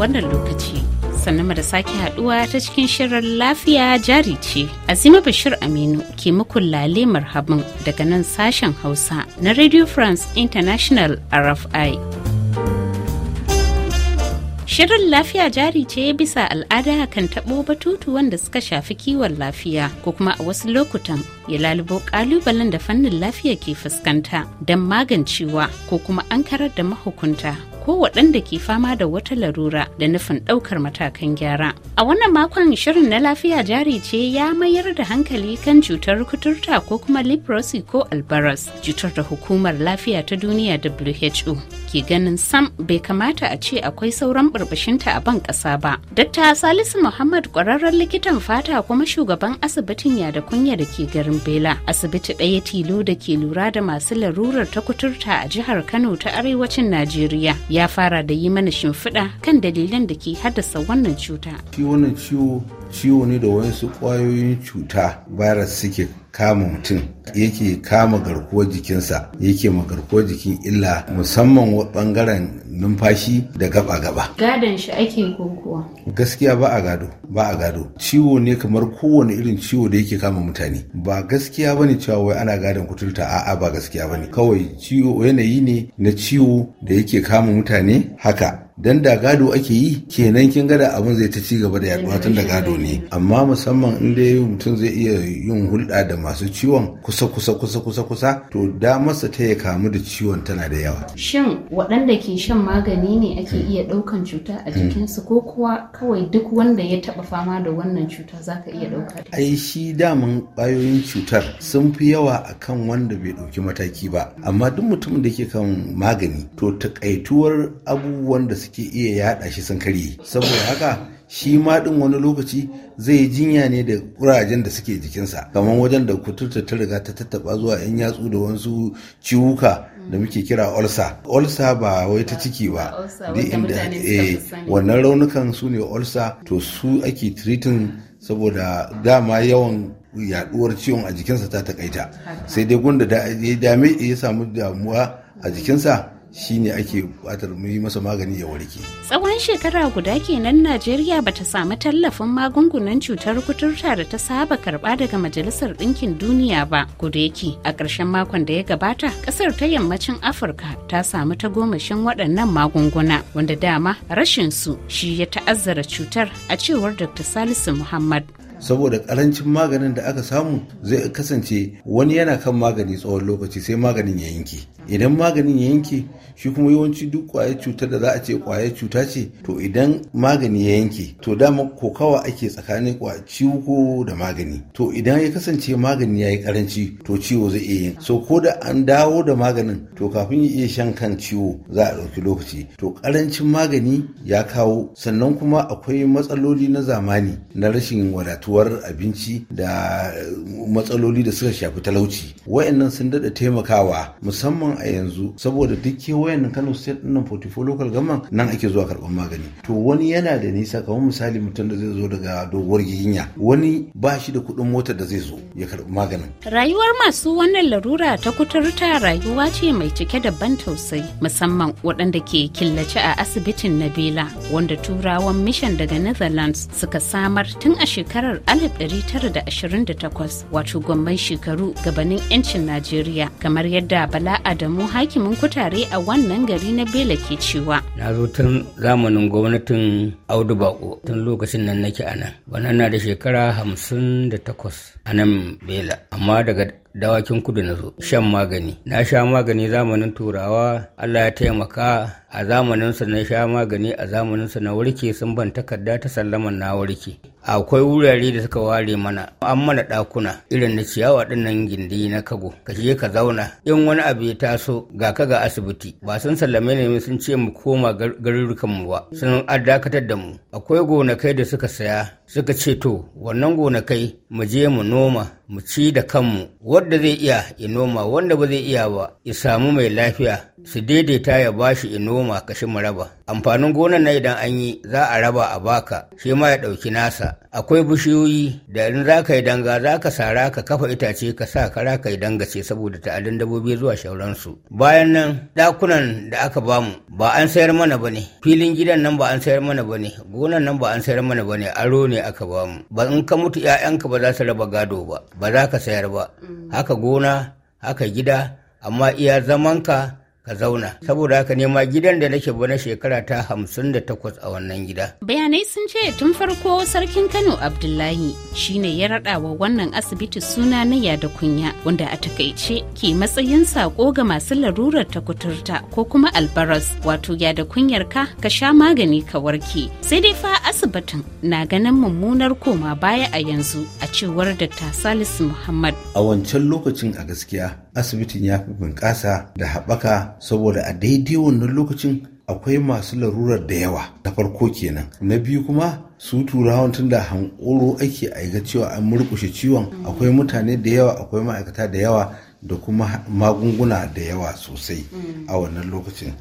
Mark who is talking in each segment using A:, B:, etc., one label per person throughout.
A: wannan lokaci. Sannan da sake haduwa ta cikin shirin lafiya jari ce. Azima Bashir Aminu ke muku lale marhabin daga nan sashen Hausa na Radio France International RFI. Shirin lafiya jari ce bisa al'ada kan taɓo batutu wanda suka shafi kiwon lafiya ko kuma a wasu lokutan ya lalubo ƙalubalen da fannin lafiya ke fuskanta don magancewa ko kuma an karar da mahukunta ko waɗanda ke fama da wata larura da nufin ɗaukar matakan gyara. A wannan makon shirin na lafiya jari ce ya mayar da hankali kan cutar kuturta ko kuma leprosy ko albaras, cutar da hukumar lafiya ta duniya WHO ke ganin sam bai kamata a ce akwai sauran burbushinta a ban ƙasa ba. Dr. Salisu Muhammad kwararren likitan fata kuma shugaban asibitin ya da kunya da ke garin Bela. Asibiti ɗaya tilo da ke lura da masu larurar ta kuturta a jihar Kano ta arewacin Najeriya. Ya fara da yi mana shimfiɗa kan dalilan da ke haddasa wannan cuta.
B: wannan ciwo ciwo ne da wasu ƙwayoyin cuta virus suke kama mutum yake kama garkuwar jikinsa yake ma garkuwar jikin illa musamman bangaren numfashi da gaba-gaba.
A: Gadon shi ake kokowa.
B: Gaskiya ba a gado, ba a gado. Ciwo ne kamar kowane irin ciwo da yake kama mutane. Ba gaskiya bane cewa wai ana gadon kuturta a'a ba gaskiya bane. Kawai ciwo yanayi ne na ciwo da yake kama mutane haka dan da gado ake yi kenan kin gada abin zai ta ci gaba da yaduwa tun da gado ne amma musamman in dai mutum zai iya yin hulɗa da masu ciwon kusa kusa kusa kusa kusa to masa ta ya kamu da ciwon tana da yawa
A: shin waɗanda ke shan magani ne ake iya ɗaukan cuta a hmm. jikinsu ko kuwa kawai duk wanda ya taɓa fama da wannan cuta zaka iya ɗauka
B: ai shi daman ƙwayoyin cutar sun fi yawa akan wanda bai ɗauki mataki ba amma duk mutumin da ke kan magani to takaituwar abubuwan da suke iya yaɗa shi sun karye saboda haka shi ma din wani lokaci zai jinya ne da kurajen da suke jikinsa kamar wajen da kuturta ta riga ta tattaba zuwa yan yatsu da wasu ciwuka da muke kira olsa olsa ba wai ta ciki ba duk inda eh, wannan raunukan su ne olsa to su ake tiritin saboda dama yawan yaduwar ciwon a jikinsa ta takaita sai dai gunda da ya samu damuwa a jikinsa Shi ne ake buƙatar mu yi masa magani ya warke.
A: Tsawon shekara guda kenan Najeriya bata samu tallafin magungunan cutar kuturta da ta saba karɓa daga Majalisar Ɗinkin Duniya ba. Kuda yake a ƙarshen makon da ya gabata ƙasar ta yammacin Afirka ta samu tagomashin waɗannan magunguna wanda dama rashin su shi ya ta'azzara cutar a cewar Dr. Salisu Muhammad.
B: saboda karancin maganin da aka samu zai kasance wani yana kan magani tsawon lokaci sai maganin ya yanke idan maganin ya yanke shi kuma yawanci duk kwayar cutar da za a ce kwayar cuta ce to idan magani ya yanke to dama kokawa ake tsakanin kwa ciwo da magani to idan ya kasance magani ya yi karanci to ciwo zai iya yin so ko da an dawo da maganin to kafin ya iya shan kan ciwo za a ɗauki lokaci to karancin magani ya kawo sannan kuma akwai matsaloli na zamani na rashin wadatu tuwar abinci da uh, matsaloli da suka shafi talauci wayannan sun daɗa taimakawa musamman a yanzu saboda duk kewayen nan kano state ɗin nan 44 local government nan ake zuwa karɓar magani to wani yana da nisa kamar misali mutum da zai zo daga doguwar giginya wani ba shi da kuɗin mota da zai zo ya karɓi maganin
A: rayuwar masu wannan larura ta kuturta rayuwa ce mai cike da ban tausayi musamman waɗanda ke killace a asibitin na bela wanda turawan mishan daga netherlands suka samar tun a shekarar shekarar 1928 wato gwamman shekaru gabanin 'yancin Najeriya kamar yadda Bala Adamu hakimin kutare a wannan gari na Bela ke cewa.
C: Na zo tun zamanin gwamnatin Audu Bako tun lokacin nan nake a nan. Wannan na da shekara 58 a nan Bela amma daga dawakin kudu na zo shan magani na sha magani zamanin turawa allah ya taimaka a zamaninsa na sha magani a zamaninsa na warke sun ban takarda ta sallaman na warke akwai wurare da suka ware mana an mana ɗakuna irin na ciyawa ɗinnan gindi na kago ka je ka zauna in wani abu ya taso ga ka ga asibiti ba sun sallame ne sun ce mu koma garurukan mu ba sun dakatar da mu akwai gonakai da suka saya suka ce to wannan gonakai mu je mu noma mu ci da kanmu wanda zai iya ya noma wanda ba zai iya ba ya samu mai lafiya su daidaita ya bashi ya noma kashi mu raba amfanin gonan na idan an yi za a raba a baka shi ma ya ɗauki nasa akwai bishiyoyi da in za ka yi danga za ka sara ka kafa itace ka sa kara ka yi dangace saboda ta'adin dabobi zuwa shauransu bayan nan ɗakunan da aka bamu ba an sayar mana ba ne filin gidan nan ba an sayar mana ba ne gonan nan ba an sayar mana ba ne aro ne ne aka ba mu ba in ka mutu 'ya'yanka ba za su raba gado ba ba za ka sayar ba mm. haka gona haka gida amma iya zamanka ka zauna saboda haka nema gidan da nake bana shekara ta hamsin da takwas a wannan gida
A: bayanai sun ce tun farko sarkin kano abdullahi shine ya raɗa wa wannan asibiti suna na yada kunya wanda a takaice ke matsayin sako ga masu larurar ta ko kuma albaras wato yada kunyar ka ka sha magani ka warke sai dai fa asibitin na ganin mummunar koma baya a yanzu a cewar Dr. Salisu Muhammad.
B: A wancan lokacin a gaskiya asibitin ya fi bunƙasa da haɓaka saboda a daidai wannan lokacin akwai masu larurar da yawa ta farko kenan na biyu kuma su turawan tun da hankoro ake aiga cewa an murkushe ciwon akwai mutane da yawa akwai ma'aikata da yawa da kuma magunguna da yawa sosai a wannan lokacin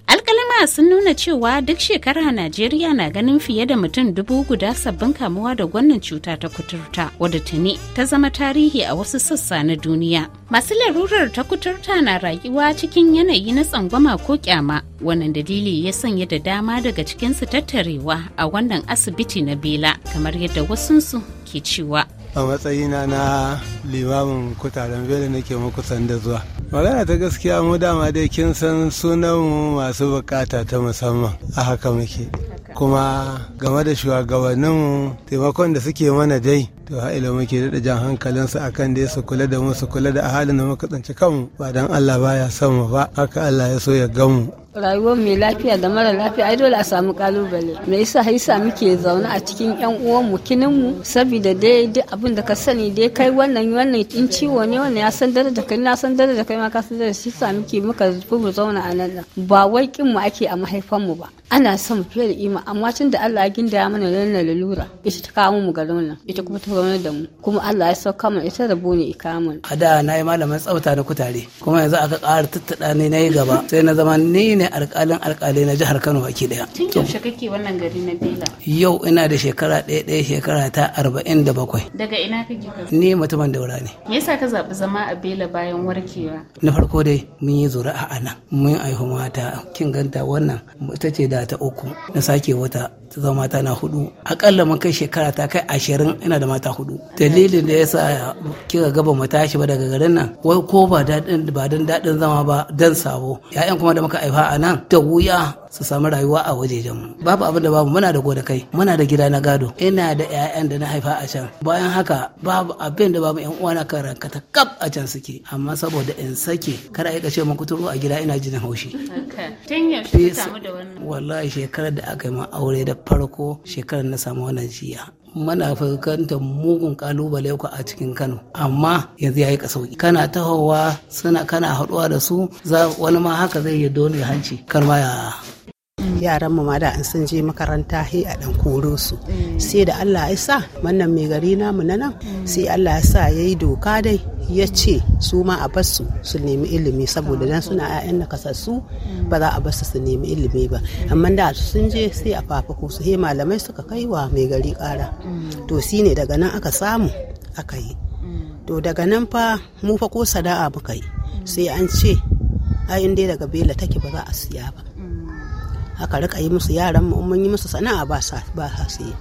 A: alkaluma sun nuna cewa duk shekara najeriya na ganin fiye da mutum dubu guda sabbin kamuwa da wannan cuta ta kuturta wadda tuni ta zama tarihi a wasu sassa na duniya masu larurar ta kuturta na rayuwa cikin yanayi na tsangwama ko kyama wannan dalili ya sanya da dama daga cikinsu tattarewa a wannan asibiti na bela kamar yadda wasunsu ke cewa
B: a matsayina na limamin kutaren bela nake muku sanda zuwa magana ta gaskiya mu dama dai kin san sunanmu masu bukata ta musamman a haka muke kuma game da shugabanninmu taimakon da suke mana dai to ha'ila muke da jan hankalinsu akan dai su kula da mu su kula da halin da muka tsanci kanmu ba dan Allah baya son mu ba haka Allah ya so ya mu.
C: rayuwar mai lafiya da mara lafiya ai dole a samu kalubale me yasa yasa muke zaune a cikin yan uwan mu kinin mu saboda dai duk abin da ka sani dai kai wannan wannan in ciwo ne wannan ya san daraja kai na san daraja kai ma ka san dare. shi yasa muke muka fi mu zauna a nan ba wai kin mu ake a mahaifan mu ba ana son fiye da ima amma tun da Allah ya gindaya mana lallan lalura ita ta kawo mu garin nan ita kuma ta zauna da mu kuma Allah ya sauka mana ita rabo ne ikamun a
D: da na yi malamin tsafta na kutare kuma yanzu aka ƙara tattaɗa ne na yi gaba sai na zama ni ne alkalin alƙalai na jihar Kano baki daya.
A: Tun yaushe kake wannan gari na Bela?
D: Yau ina da shekara ɗaya ɗaya shekara ta arba'in da bakwai.
A: Daga ina kake?
D: Ni mutumin daura ne.
A: Me yasa ka zaɓi zama a Bela bayan warkewa?
D: Na farko dai mun yi zuri'a a nan mun yi mata kin ganta wannan ita ce da ta uku na sake wata ta zama mata na hudu akalla mun kai shekara ta kai ashirin ina da mata hudu dalilin da yasa kika gaba mu tashi ba daga garin nan ko ba daɗin ba dan daɗin zama ba dan sabo ya'yan kuma da muka aifa a 那得乌鸦 su samu rayuwa a mu babu abin da babu muna da goda kai muna da gida na gado ina da ƴaƴan da na haifa a can bayan haka babu abin da babu 'yan uwana kan rankata kaf a can suke amma saboda in sake kada a ce mun kuturo a gida ina jin haushi
A: tun
D: wallahi shekarar da aka yi ma aure da farko shekarar na samu wannan jiya muna fuskantar mugun kalubale ku a cikin Kano amma yanzu yayi kasauki kana tahowa suna kana haɗuwa da su wani ma haka zai yi dole hanci kar ma ya yaran mu ma da an sun je makaranta he a dan koro su sai da Allah ya sa wannan mai gari namu na nan sai Allah ya sa yayi doka dai ya ce su ma a basu su nemi ilimi saboda dan suna 'ya'yan nakasassu ba za a basu su nemi ilimi ba amma da sun je sai a fafako su he malamai suka kaiwa mai gari kara to shine daga nan aka samu aka yi to daga nan fa mu fa ko sada'a muka yi sai an ce ayin dai daga bela take ba za a siya ba haka rika yi musu yaran mu mun yi musu sana'a ba sa ba sa sai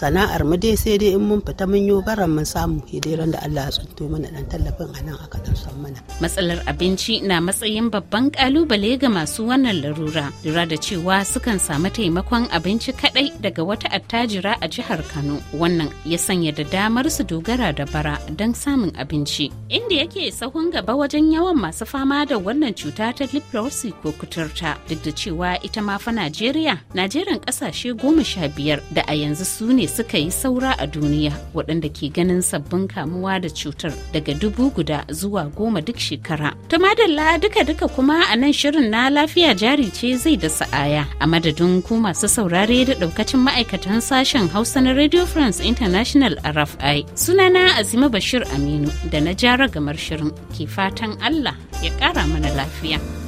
D: sana'ar mu dai sai dai in mun fita mun yi garan mun samu hidiran da Allah ya tsunto mana dan tallafin a nan aka dan mana.
A: Matsalar abinci na matsayin babban kalubale ga masu wannan larura lura da cewa sukan samu taimakon abinci kadai daga wata attajira a jihar Kano wannan ya sanya da damar su dogara da bara don samun abinci inda yake sahun gaba wajen yawan masu fama da wannan cuta ta leprosy ko kuturta duk da cewa ita ma fa Najeriya Najeriyan kasashe goma sha biyar da a yanzu su ne suka yi saura a duniya waɗanda ke ganin sabbin kamuwa da cutar daga dubu guda zuwa goma duk shekara. ta madalla duka-duka kuma a nan shirin na lafiya jari ce zai da sa'aya a madadin ku masu saurare da ɗaukacin ma'aikatan sashen Hausa na Radio France International RFI. Sunana Azima Bashir Aminu da na jara gamar shirin ke fatan Allah ya ƙara mana lafiya.